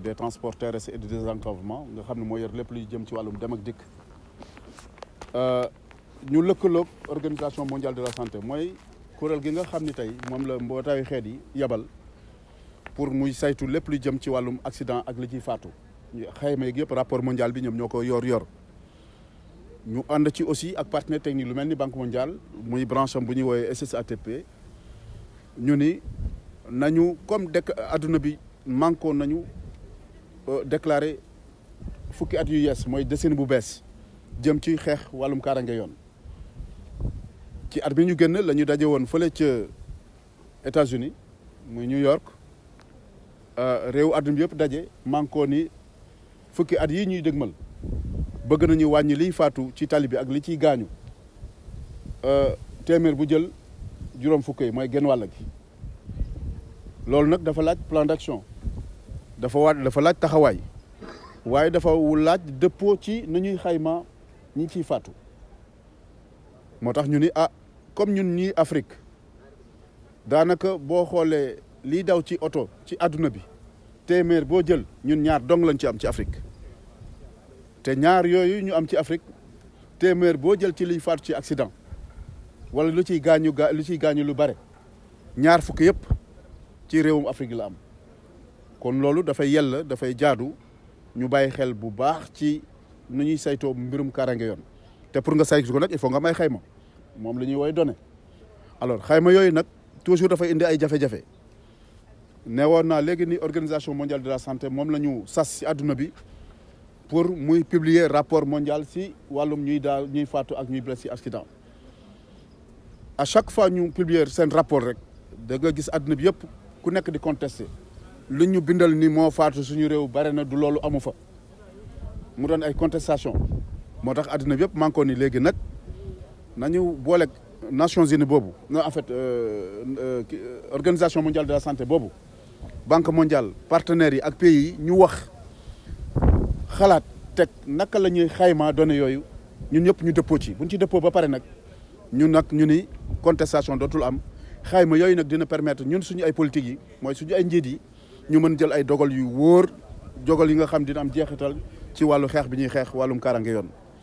des transports terrestres et du nga xam ne moo yor lépp luy jëm ci wàllum dem ak dikk euh, ñu lëkkaloog organisation mondial de la santé mooy kuréel gi nga xam ni tey moom la mbootaayu xeet yi yabal pour muy saytu lépp lu jëm ci wàllum accident ak li ciy faatu xayma yeeg yëpp rapport mondial bi ñoom ñoo ko yor yor ñu ànd ci aussi ak partenaire technique lu mel ni banque mondial muy branche am bu ñuy woowee SSATP ñu ni nañu comme dëkk adduna bi manqué nañu Euh, déclaré fukki at yu yees mooy décennie bu bees jëm ci xeex wàllum kaarange yoon ci at bi ñu génn la daje woon fële ca États-Unis muy New York euh, réewu àdduna bi yëpp daje mànkoo ni fukki at yi ñuy dëgmal bëgg nañu wàññi liy faatu ci tali bi ak li ciy gaañu euh, téeméer bu jël juróom fukk mooy genn wàll gi loolu nag dafa laaj plan d'action dafa war dafa laaj taxawaay waaye dafa laaj dëppoo ci na ñuy xayma ñi ciy faatu moo tax ñu ni ah comme ñun ñii Afrique daanaka boo xoolee lii daw ci oto ci àdduna bi téeméer boo jël ñun ñaar dong lañ ci am ci Afrique te ñaar yooyu ñu am ci Afrique téeméer boo jël ci liy faatu ci accident wala lu ci gaañu lu gaañu lu bare ñaar fukk yëpp ci réewum Afrique la am. kon loolu dafay yella dafay jaadu ñu bàyyi xel bu baax ci nu ñuy saytoo mbirum kaaraange yoon te pour nga saytu ko nag il faut nga may xayma moom la ñuy woy donné alors xayma yooyu nag toujours dafay indi ay jafe-jafe ne woon naa léegi ni organisation mondiale de la santé moom la ñu sas si àdduna bi pour muy publier rapport mondial si wàllum ñuy daal ñuy faatu ak ñuy blessé si accident à chaque fois ñu publier seen rapport rek da nga gis àdduna bi yëpp ku nekk di contester lu ñu bindal ni moo faatu suñu réew bare na du loolu amu fa mu doon ay contestation moo tax àddina bi yëpp manko ni léegi nag nañu booleeg Nations Unies boobu non en fait euh, euh, organisation mondiale de la santé boobu banque mondiale partenaires yi ak pays yi ñu wax xalaat teg naka la ñuy xayma données yooyu ñun yëpp ñu dëppoo ci buñ ci dëppoo ba pare nag ñun nag ñu ni contestation dootul am xayma yooyu nag dina permettre ñun suñu ay politique yi mooy suñu ay njiit yi ñu mën jël ay dogal yu wóor dogal yi nga xam dina am jeexital ci wàllu xeex bi ñuy xeex wàllum kaaraange yoon